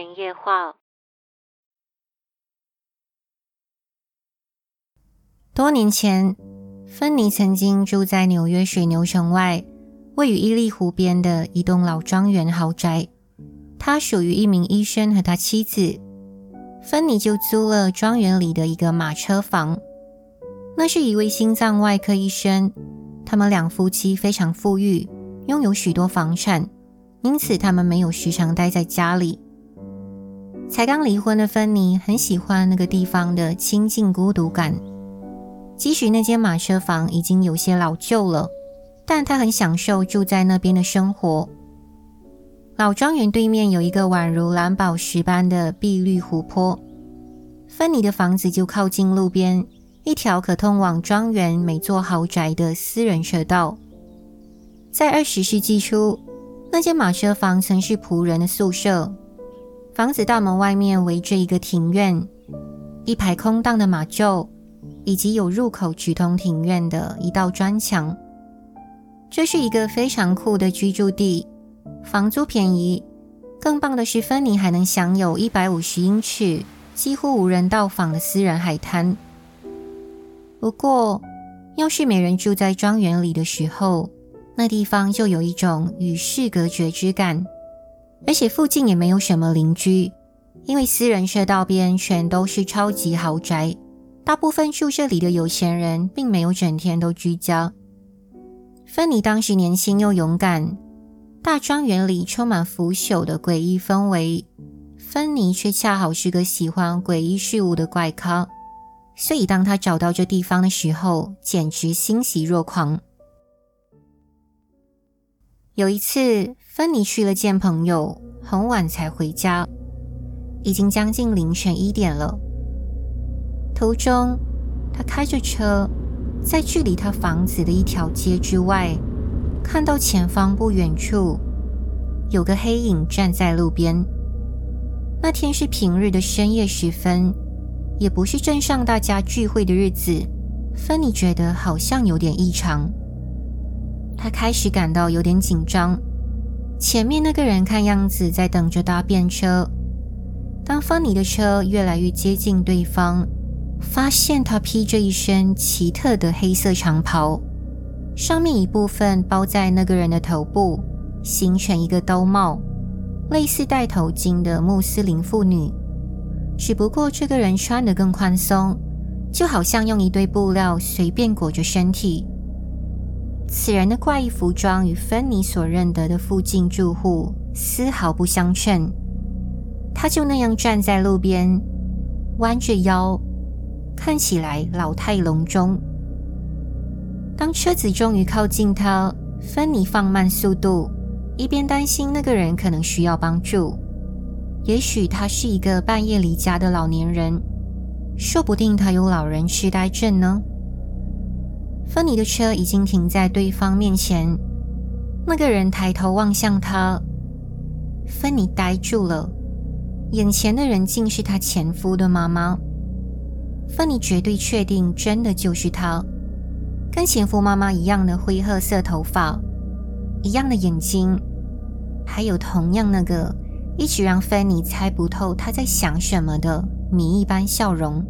專業化。多年前，芬尼曾經住在紐約水牛城外，位於伊利湖邊的一棟老莊園豪宅。他屬於一名醫生和他妻子，芬尼就租了莊園裡的一個馬車房。那是一位心臟外科醫生，他們兩夫妻非常富裕，擁有許多房產，因此他們沒有時常待在家裡。才剛離婚的芬妮很喜歡那個地方的清靜孤獨感。即使那間馬車房已經有些老舊了，但她很享受住在那邊的生活。老莊園對面有一個宛如藍寶石般的碧綠湖泊，芬妮的房子就靠近路邊，一條可通往莊園每座豪宅的私人車道。在二十世紀初，那間馬車房曾是僕人的宿舍。房子大門外面圍着一個庭院，一排空蕩的馬廄，以及有入口直通庭院的一道磚牆。這是一個非常酷的居住地，房租便宜。更棒的是，芬妮還能享有一百五十英尺、幾乎無人到訪的私人海灘。不過，要是沒人住在莊園裡的時候，那地方就有一種與世隔絕之感。而且附近也沒有什麼鄰居，因為私人車道邊全都是超級豪宅。大部分住這裡的有錢人並沒有整天都居家。芬妮當時年輕又勇敢，大莊園裡充滿腐朽的詭異氛圍，芬妮卻恰好是個喜歡詭異事物的怪咖，所以當她找到這地方的時候，簡直欣喜若狂。有一次，芬妮去了見朋友，很晚才回家，已經將近凌晨一點了。途中，她開着車，在距離她房子的一條街之外，看到前方不遠處有個黑影站在路邊。那天是平日的深夜時分，也不是鎮上大家聚會的日子，芬妮覺得好像有點異常。他開始感到有點緊張。前面那個人看樣子在等着搭便車。當芬妮的車越來越接近對方，發現他披着一身奇特的黑色長袍，上面一部分包在那個人的頭部，形成一個兜帽，類似戴頭巾的穆斯林婦女。只不過這個人穿得更寬鬆，就好像用一堆布料隨便裹着身體。此人的怪異服裝與芬妮所認得的附近住戶絲毫不相稱。他就那樣站在路邊，彎着腰，看起來老態龍鍾。當車子終於靠近他，芬妮放慢速度，一邊擔心那個人可能需要幫助。也許他是一個半夜離家的老年人，說不定他有老人痴呆症呢。芬妮的車已經停在對方面前，那個人抬頭望向她，芬妮呆住了。眼前的人竟是她前夫的媽媽。芬妮絕對確定，真的就是她，跟前夫媽媽一樣的灰褐色頭髮，一樣的眼睛，還有同樣那個一直讓芬妮猜不透她在想什麼的謎一般笑容。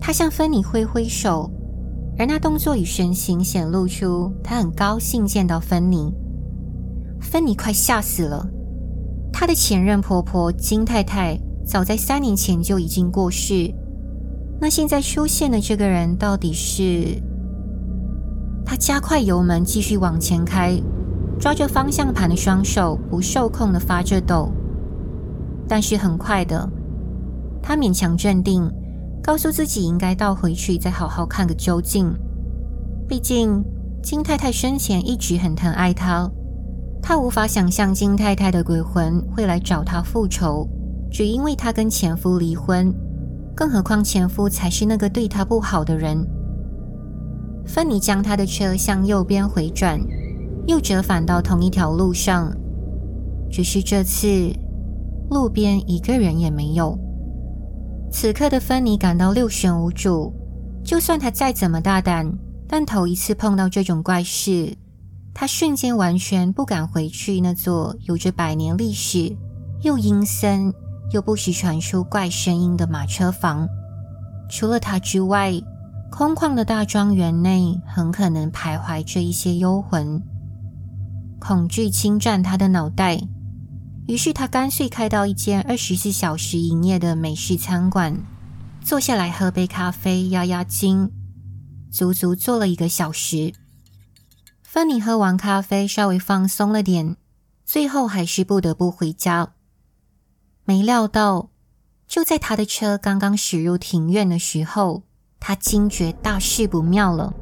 她向芬妮揮揮手。而那動作與神情顯露出她很高興見到芬妮。芬妮快嚇死了，她的前任婆婆金太太早在三年前就已經過世。那現在出現的這個人到底是？她加快油門繼續往前開，抓着方向盤的雙手不受控的發着抖。但是很快的，她勉強鎮定。告訴自己應該倒回去，再好好看個究竟，畢竟金太太生前一直很疼愛她，她無法想象金太太的鬼魂會來找她復仇，只因為她跟前夫離婚，更何況前夫才是那個對她不好的人。芬妮將她的車向右邊回轉，又折返到同一條路上，只是這次路邊一個人也沒有。此刻的芬妮感到六神無主。就算她再怎麼大膽，但頭一次碰到這種怪事，她瞬間完全不敢回去那座有着百年歷史、又陰森又不時傳出怪聲音的馬車房。除了她之外，空曠的大莊園內很可能徘徊着一些幽魂，恐懼侵佔她的腦袋。於是他乾脆開到一間二十四小時營業的美式餐館，坐下來喝杯咖啡壓壓驚，足足坐了一個小時。芬妮喝完咖啡，稍微放鬆了點，最後還是不得不回家。沒料到，就在他的車剛剛駛入庭院的時候，他驚覺大事不妙了：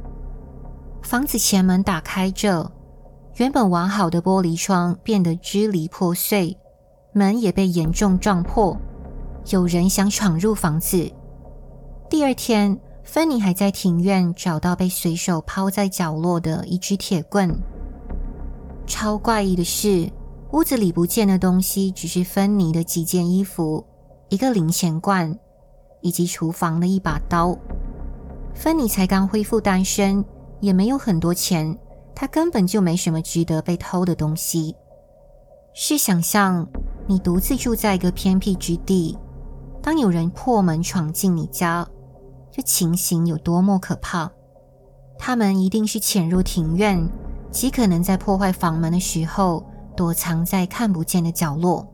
房子前門打開着。原本完好的玻璃窗變得支離破碎，門也被嚴重撞破。有人想闖入房子。第二天，芬妮還在庭院找到被隨手拋在角落的一支鐵棍。超怪異的是，屋子裡不見的東西只是芬妮的幾件衣服、一個零錢罐以及廚房的一把刀。芬妮才剛恢復單身，也沒有很多錢。他根本就沒什麼值得被偷的東西。試想像，你獨自住在一個偏僻之地，當有人破門闖進你家，這情形有多麼可怕？他們一定是潛入庭院，極可能在破壞房門的時候，躲藏在看不見的角落。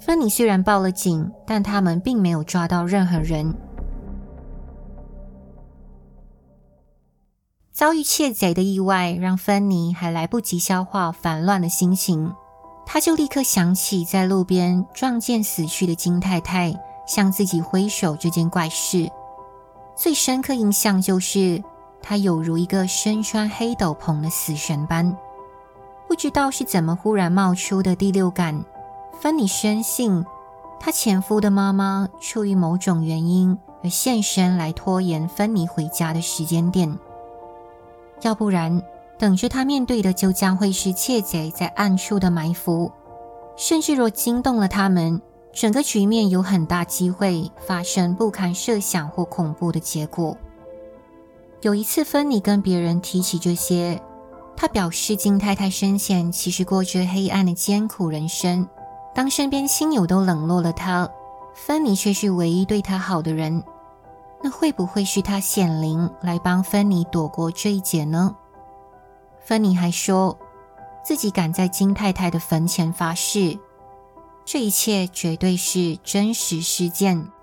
芬妮雖然報了警，但他們並沒有抓到任何人。遭遇竊賊的意外，讓芬妮還來不及消化煩亂的心情，她就立刻想起在路邊撞見死去的金太太向自己揮手這件怪事。最深刻印象就是，她有如一個身穿黑斗篷的死神般，不知道是怎麼忽然冒出的第六感。芬妮深信，她前夫的媽媽出於某種原因而現身，來拖延芬妮回家的時間點。要不然，等着他面對的就將會是竊賊在暗處的埋伏，甚至若驚動了他們，整個局面有很大機會發生不堪設想或恐怖的結果。有一次，芬妮跟別人提起這些，她表示，金太太生前其實過着黑暗的艱苦人生，當身邊親友都冷落了她，芬妮卻是唯一對她好的人。那會不會是他顯靈來幫芬妮躲過這一劫呢？芬妮還說自己敢在金太太的墳前發誓，這一切絕對是真實事件。